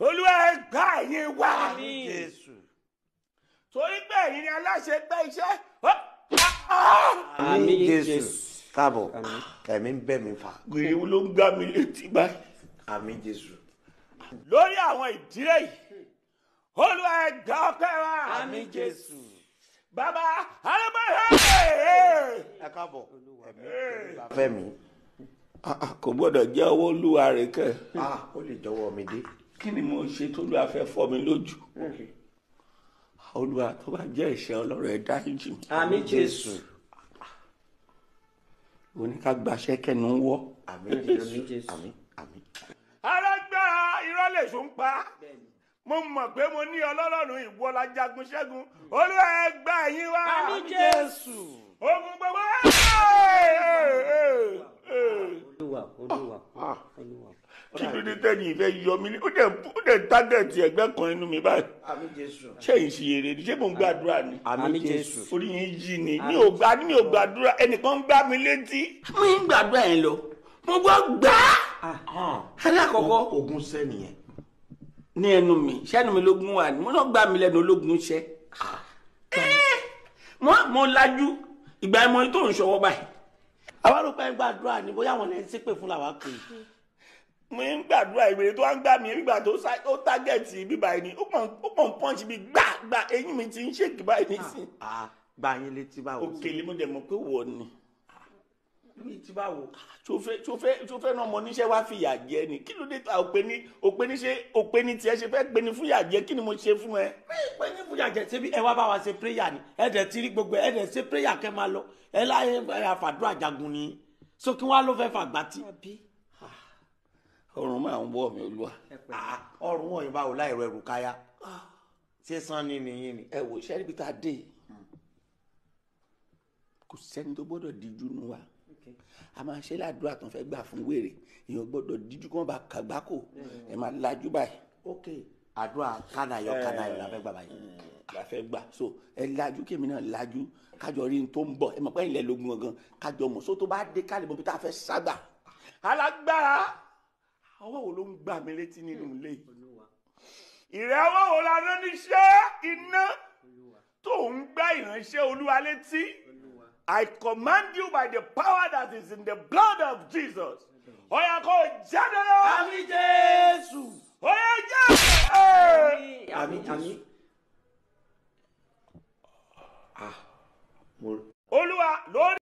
olúwa ẹ gbà yín wá jésù torí pé ẹ̀yin ni aláṣẹ gbé iṣẹ́. àmín jésù káàbọ̀ ẹ̀mí ń bẹ̀ mí fà. gbèrè wo ló ń gbá mi létí báyìí. àmín jésù. lórí àwọn ìdílé yìí olúwa ẹ gbà ọpẹ́ wa. àmín jésù. bàbá alábàárẹ̀. ẹ káàbọ̀ ẹ̀mí ìgbà fẹ́ mi. Ah, ah, kò gbọ́dọ̀ jẹ́ ọwọ́ olúwa rẹ̀ kẹ́. Ah, ó lè jọwọ́ mi dé kí ni mo ṣe tó lóa fẹ́ fọ́ mi lójú olúwa tó bá jẹ́ ìṣẹ́ ọlọ́rọ̀ ẹ̀ dáríjì mi. jésù. oníkàgbàṣẹ́ kẹ́nu wọ́. àmín jésù àmín àmín. alágbára irọ́ sùn pa mo mọ̀ pé mo ní ọlọ́run ìwọ ṣẹ́gun olúwa ẹ yín wá. àmín jésù. ogun gbogbo lóde tẹ̀yìn ìfẹ́ yọ mí ní ó dẹ̀ tágẹ̀tì ẹgbẹ́ kan inú mi báyìí. àmín jésù. ṣé n ṣe eré ni ṣé mò ń gbàdúrà ni. àmín jésù. orí yẹn yí ni mi ò gbà mi ò gbàdúrà ẹnìkan ń gbá mi létí. mo ń gbàdúrà yẹn lọ mo gbọ́ gbá. alákọ̀ọ́kọ́ ogun sẹ́niyẹn. ní ẹnu mi sẹ́nu mi lógún wà ní mo náà gbá mi lẹ́nu ológun ṣẹ́. Ah. Eh, mo lajú ìgbà ẹ̀mọ́ tó ń ṣọwọ́ báyìí. àwọn àrùn pẹ́ gbàdúrà ni bóyá àwọn ẹ̀ ń ṣépè fún làwọn kò yìí mo ń gbàdúrà ìwé tó wá ń gbà mí nígbà tó ó tágẹ̀tì bíbá ẹni ó pọ̀ ń pọ́ǹsì mi gbà gbà eyín mi ti ń ṣèkì báyìí ah, nísìn. Ah, gba yín létí báwo. òkèlè mo dẹ̀ mọ̀ pé wọ̀ ni. létí báwo. tó ah, fẹ́ náà mo níṣẹ́ wá fìyà jẹ ni kí ló dé ta òpè ní òpè ní ṣe òpè ní tiẹ̀ ṣe fẹ́ pè ní fúyà jẹ kí ni mo ṣe fún ẹ. pé ní fúyà jẹ ṣebí ẹ wá bá wa ṣe prayer ni ẹ ọrùn máa ń wọ̀ mí olúwa. Ah, ọrùn wọ̀nyí báwo láìrọ ẹrù káyà ah, ṣé sanni nìyí ni. ẹ wò sẹ́ni bí tá dé hmm. kò sẹ́ni tó gbọ́dọ̀ díjú nu wa a máa ṣe ládùúrà tó ń fẹ́ gbà fún wèrè èèyàn gbọ́dọ̀ díjú kí wọ́n bá kàgbákò hmm. ẹ máa lajú báyìí. àdúrà kánayọ kánayọ la fẹ́ gbà báyìí. Eh. la fẹ́ gbà so ẹ lajú kí èmi náà lajú kájọ rí n tó ń bọ̀ ẹ mọ̀ pé ilẹ̀ lógun gangan kájọ mọ̀ so tó bá dé kálí bọ̀ bí tá a fẹ́ ságbà alágbára ọwọ́ wo ló ń gbà mí létí nínú hmm. ilé ìrẹ́ ọwọ́ wo la rán níṣẹ́ iná tó ń gbá ìránṣẹ́ olúwa létí I command you by the power that is in the blood of Jesus ọ̀yà kò jáde lọ. àmín Jésù. ọ̀yà jáde. àmín àmín. Ah, olúwa lórí.